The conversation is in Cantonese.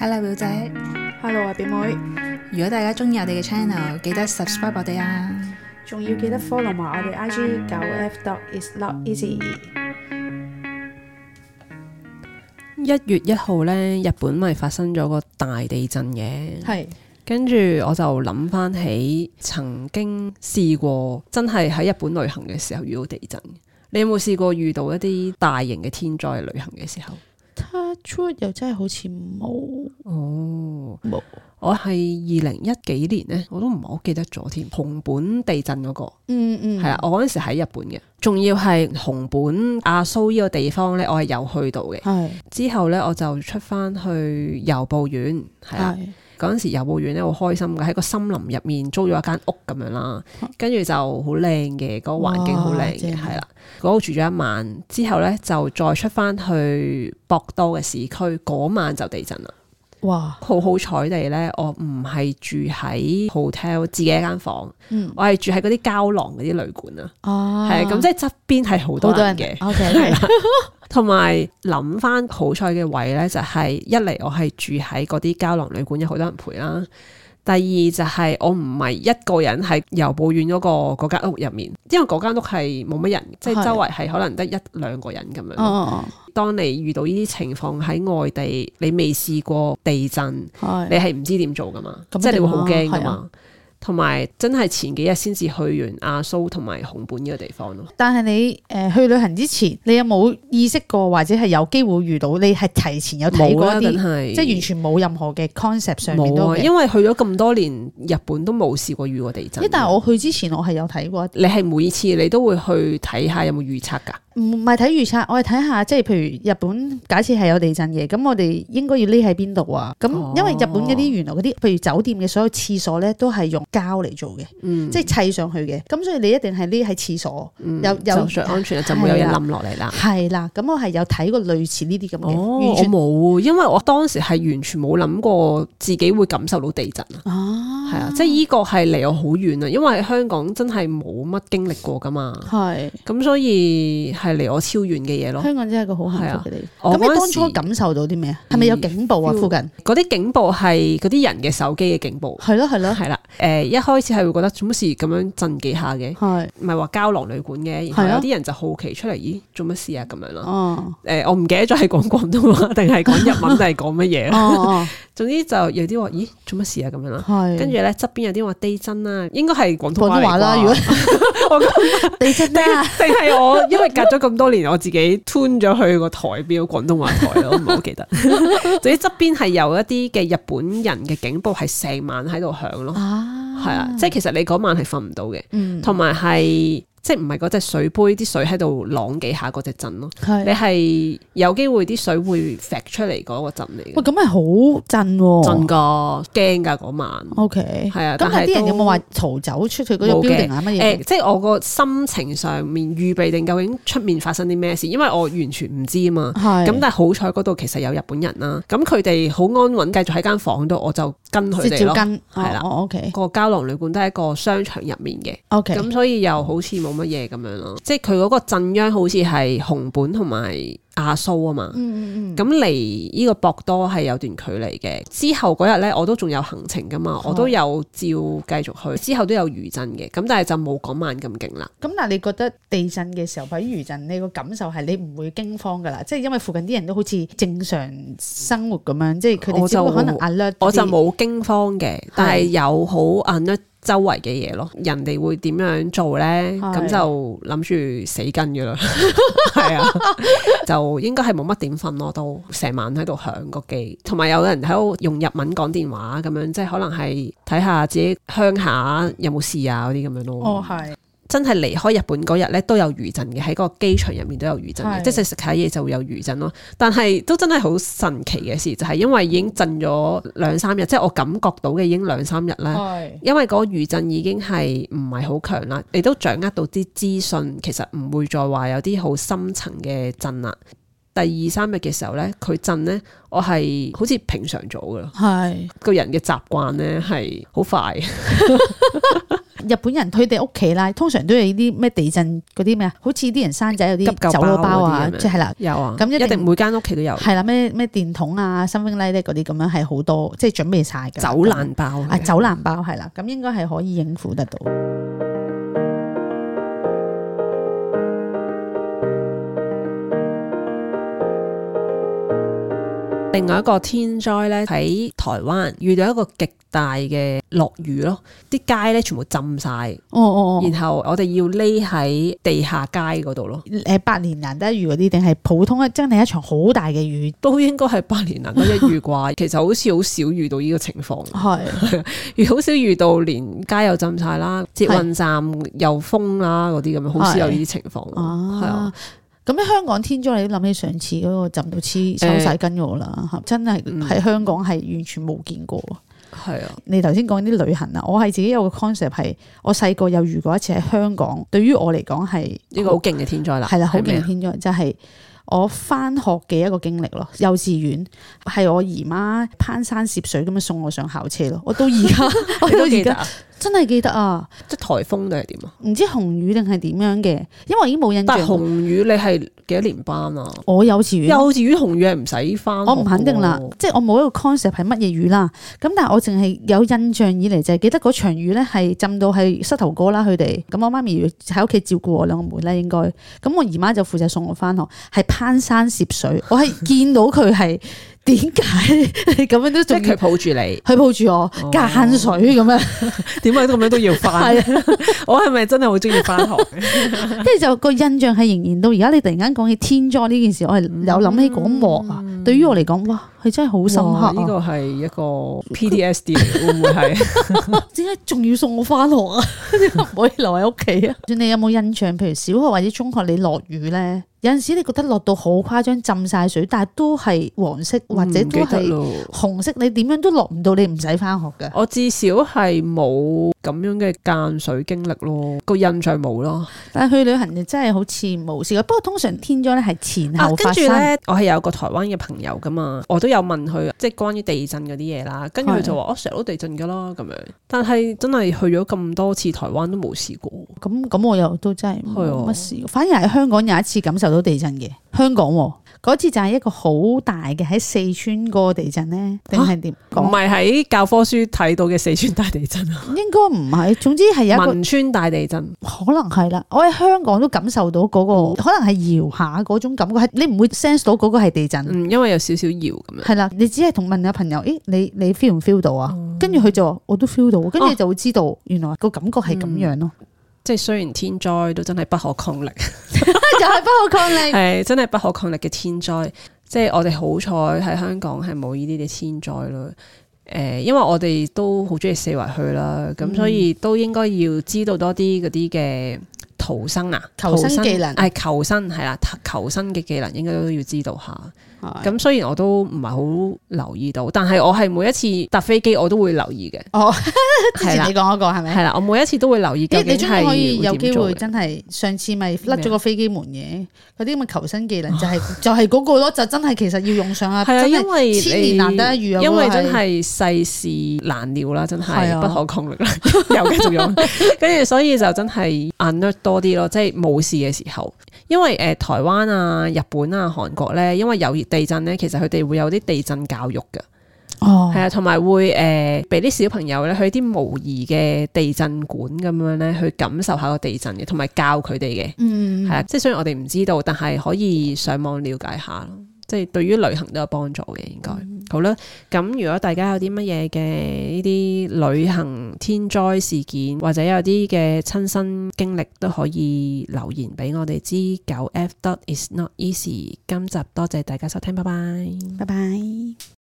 Hello 表姐，Hello 啊表妹。如果大家中意我哋嘅 channel，記得 subscribe 我哋啊。仲要記得 follow 埋我哋 IG 九 F dot is not easy。一月一號呢，日本咪發生咗個大地震嘅。係是。跟住我就諗翻起曾經試過真係喺日本旅行嘅時候遇到地震。你有冇試過遇到一啲大型嘅天災旅行嘅時候？出又真係好似冇哦，冇有。我係二零一幾年呢，我都唔係好記得咗添。熊本地震嗰、那個，嗯嗯，係啦。我嗰陣時喺日本嘅，仲要係熊本阿蘇呢個地方呢。我係有去到嘅。係的之後呢，我就出翻去遊步院。係。嗰陣時遊牧園咧，好開心嘅，喺個森林入面租咗一間屋咁樣啦，跟住就好靚嘅，嗰個環境好靚嘅，係啦，嗰度住咗一晚之後咧，就再出返去博多嘅市區，嗰晚就地震啦。哇！好好彩地咧，我唔係住喺 hotel 自己一間房，嗯、我係住喺嗰啲膠囊嗰啲旅館啊。哦，係啊，咁即係側邊係好多人嘅。O K，係啦。同埋諗翻好彩嘅位咧，就係、是、一嚟我係住喺嗰啲膠囊旅館，有好多人陪啦。第二就係我唔係一個人喺郵報院嗰個間屋入面，因為嗰間屋係冇乜人，是即係周圍係可能得一兩個人咁樣。哦哦哦，當你遇到呢啲情況喺外地，你未試過地震，是你係唔知點做㗎嘛，即係你會好驚㗎嘛。同埋真係前幾日先至去完阿蘇同埋熊本呢個地方咯。但係你誒去旅行之前，你有冇意識過或者係有機會遇到？你係提前有睇過一啲，啊、即係完全冇任何嘅 concept 上面，啊、都冇的因為去咗咁多年日本都冇試過遇過地震。但係我去之前我係有睇過一啲。你係每次你都會去睇下有冇預測㗎？唔係睇預測，我係睇下即係譬如日本假設係有地震嘅，咁我哋應該要匿喺邊度啊？咁、哦、因為日本嗰啲原來嗰啲，譬如酒店嘅所有廁所咧，都係用。膠嚟做嘅，即係砌上去嘅，咁所以你一定係呢喺廁所又又安全啊，就冇嘢冧落嚟啦。係啦，咁我係有睇過類似呢啲咁嘅，完全冇，因為我當時係完全冇諗過自己會感受到地震啊。哦，係啊，即係呢個係離我好遠啊，因為香港真係冇乜經歷過噶嘛。係，咁所以係離我超遠嘅嘢咯。香港真係個好幸福嘅地方。咁你當初感受到啲咩啊？係咪有警報啊？附近嗰啲警報係嗰啲人嘅手機嘅警報。係咯，係咯，係啦，誒。一開始係會覺得做乜事咁樣震幾下嘅，係咪話膠囊旅館嘅？然後有啲人就好奇出嚟，咦，做乜事啊？咁樣咯。哦。誒，我唔記得咗係講廣東話定係講日文定係講乜嘢。哦。總之就有啲話，咦，做乜事啊？咁樣咯。係。跟住咧，側邊有啲話地震啦，應該係廣東話啦。廣東話啦，如果我地震定係我因為隔咗咁多年，我自己 turn 咗去個台標廣東話台咯，唔係好記得。總之側邊係有一啲嘅日本人嘅警報，係成晚喺度響咯。啊。係啊，即係其實你嗰晚係瞓唔到嘅，嗯，同埋係。即係唔係嗰隻水杯啲水喺度啷幾下嗰隻震咯，的你係有機會啲水會甩出嚟嗰個喂震嚟嘅。哇，咁係好震喎，震噶驚噶晚。O K，係啊。咁但係啲人有冇話逃走出去嗰種乜嘢？誒，即係我個心情上面預備定究竟出面發生啲咩事，因為我完全唔知啊嘛。係的。咁但係好彩嗰度其實有日本人啦，咁佢哋好安穩繼續喺間房度，我就跟佢哋咯。係啦。O K。哦 okay。個膠囊旅館都係一個商場入面嘅。O Okay K。咁所以又好似冇。冇乜嘢咁樣咯，即係佢嗰個震央好似係紅本同埋亞蘇啊嘛，咁離呢個博多係有段距離嘅。之後嗰日咧，我都仲有行程噶嘛，我都有照繼續去。之後都有餘震嘅，咁但係就冇港萬咁勁啦。咁嗱、嗯，嗯、但你覺得地震嘅時候，比如餘震你個感受係你唔會驚慌噶啦？即係因為附近啲人都好似正常生活咁樣，即係佢哋就可能 alert，我就冇驚慌嘅，嗎但係有好 alert 周圍嘅嘢咯，人哋會點樣做咧？咁的就諗住死跟噶啦，係啊， 就應該係冇乜點瞓咯，都成晚喺度響個機，同埋有人喺度用日文講電話咁樣，即係可能係睇下自己鄉下有冇事啊嗰啲咁樣咯。哦，係。真係離開日本嗰日咧，都有餘震嘅，喺個機場入面都有餘震嘅，是即係食食下嘢就會有餘震咯。但係都真係好神奇嘅事，就係、是、因為已經震咗兩三日，即、就、係、是、我感覺到嘅已經兩三日啦。是因為嗰餘震已經係唔係好強啦，亦都掌握到啲資訊，其實唔會再話有啲好深層嘅震啦。第二三日嘅時候呢，佢震呢，我係好似平常咗噶咯。是個人嘅習慣呢，係好快。 日本人佢哋屋企啦，通常都有啲咩地震嗰啲咩啊，好似啲人生仔有啲急救包啊，即係啦，有啊，咁一定，一定每間屋企都有，係啦咩咩電筒啊、something like that 嗰啲咁樣係好多，即係準備晒嘅。走爛包啊，啊、走爛包係啦，咁應該係可以應付得到。另外一個天災咧，喺台灣遇到一個極大嘅落雨咯，啲街咧全部浸晒，哦哦，哦，然後我哋要匿喺地下街嗰度咯。誒、呃，百年難得一遇嗰啲定係普通啊？真係一場好大嘅雨都應該係百年難得一遇啩？ 其實好似好少遇到呢個情況，係 的，好 少遇到連街又浸晒啦，捷運站又封啦嗰啲咁，好少的有呢啲情況的啊，係啊。咁香港天災，你都諗起上次嗰個浸到黐收晒筋嗰個啦，欸、真係喺香港係完全冇見過。係啊、嗯，你頭先講啲旅行啊，我係自己有個 concept 係，我細個有遇過一次喺香港，對於我嚟講係呢個好勁嘅天災啦，係啦，好勁嘅天災，就係我翻學嘅一個經歷咯。幼稚園係我姨媽攀山涉水咁樣送我上校車咯，我到而家 我到而家。 真係記得啊！即係颱風定係點啊？唔知紅雨定係點樣嘅？因為已經冇印象。但係紅雨你，你係幾多年班啊？我幼稚園，幼稚園紅雨係唔使翻。我唔肯定啦，即係我冇一個 concept 係乜嘢雨啦。咁但係我淨係有印象以嚟就係、是、記得嗰場雨咧，係浸到係膝頭哥啦佢哋。咁我媽咪喺屋企照顧我兩個妹咧，應該。咁我姨媽就負責送我翻學，係攀山涉水。我係見到佢係。 點解你咁樣都即係佢抱住你？佢抱住我，間、哦、水咁樣，點解咁樣都要翻？是的 我係咪真係好中意翻學？跟住 就個印象係仍然到而家。你突然間講起天災呢件事，我係有諗起嗰幕啊。嗯、對於我嚟講，哇，佢真係好深刻、啊。呢、這個係一個 PTSD 會唔會係？點解仲要送我翻學啊？ 可以留喺屋企啊？ 你有冇印象？譬如小學或者中學你，你落雨咧？有陣時你覺得落到好誇張浸晒水，但係都係黃色或者都係紅色，了你點樣都落唔到，你唔使翻學嘅。我至少係冇咁樣嘅間水經歷咯，個印象冇咯。但係去旅行又真係好似冇事。不過通常天災咧係前後發生，跟住咧，我係有個台灣嘅朋友噶嘛，我都有問佢即係關於地震嗰啲嘢啦，跟住佢就話：我成日都地震噶咯咁樣。但係真係去咗咁多次台灣都冇試過，咁咁我又都真係冇乜事。的反而喺香港有一次感受。到地震嘅香港嗰次就係一個好大嘅喺四川個地震咧，定係點？唔係喺教科書睇到嘅四川大地震，啊？應該唔係。總之係有一個汶川大地震，可能係啦。我喺香港都感受到嗰、嗰個，嗯、可能係搖下嗰種感覺，你唔會 sense 到嗰個係地震，嗯。因為有少少搖咁樣。係啦，你只係同問下朋友，誒，你你 feel 唔 feel 到啊？跟住佢就話我都 feel 到，跟住就會知道，原來個感覺係咁樣咯，嗯。即係雖然天災都真係不可抗力。 就係不可抗力， 係真係不可抗力嘅天災，即係我哋好彩喺香港係冇呢啲嘅天災咯。誒、呃，因為我哋都好中意四圍去啦，咁、嗯、所以都應該要知道多啲嗰啲嘅逃生啊，求生技能，係求生係啦、哎，求生嘅技能應該都要知道下。咁雖然我都唔係好留意到，但係我係每一次搭飛機我都會留意嘅。哦，之前你講嗰、那個係咪？係啦嗎，我每一次都會留意。即係你終於可以有機會真，真係上次咪甩咗個飛機門嘅。嗰啲咁嘅求生技能就係就係嗰個咯，就，是那個、 就真係其實要用上啊。係啊，因為千年難得一遇啊嘛。因為真係世事難料啦，真係不可抗力啦，的 又繼續用。跟住 所以就真係 under 多啲咯，即係冇事嘅時候。因為誒、呃、台灣啊、日本啊、韓國咧，因為有地震咧，其實佢哋會有啲地震教育嘅，哦，係啊，同埋會誒俾啲小朋友咧去啲模擬嘅地震館咁樣咧去感受下個地震嘅，同埋教佢哋嘅，嗯，係啊，即係雖然我哋唔知道，但係可以上網了解下咯，即係對於旅行都有幫助嘅，應該。好啦，咁如果大家有啲乜嘢嘅呢啲旅行天災事件，或者有啲嘅親身經歷，都可以留言俾我哋知。9F dot is not easy。今集多謝大家收聽，拜拜，拜拜。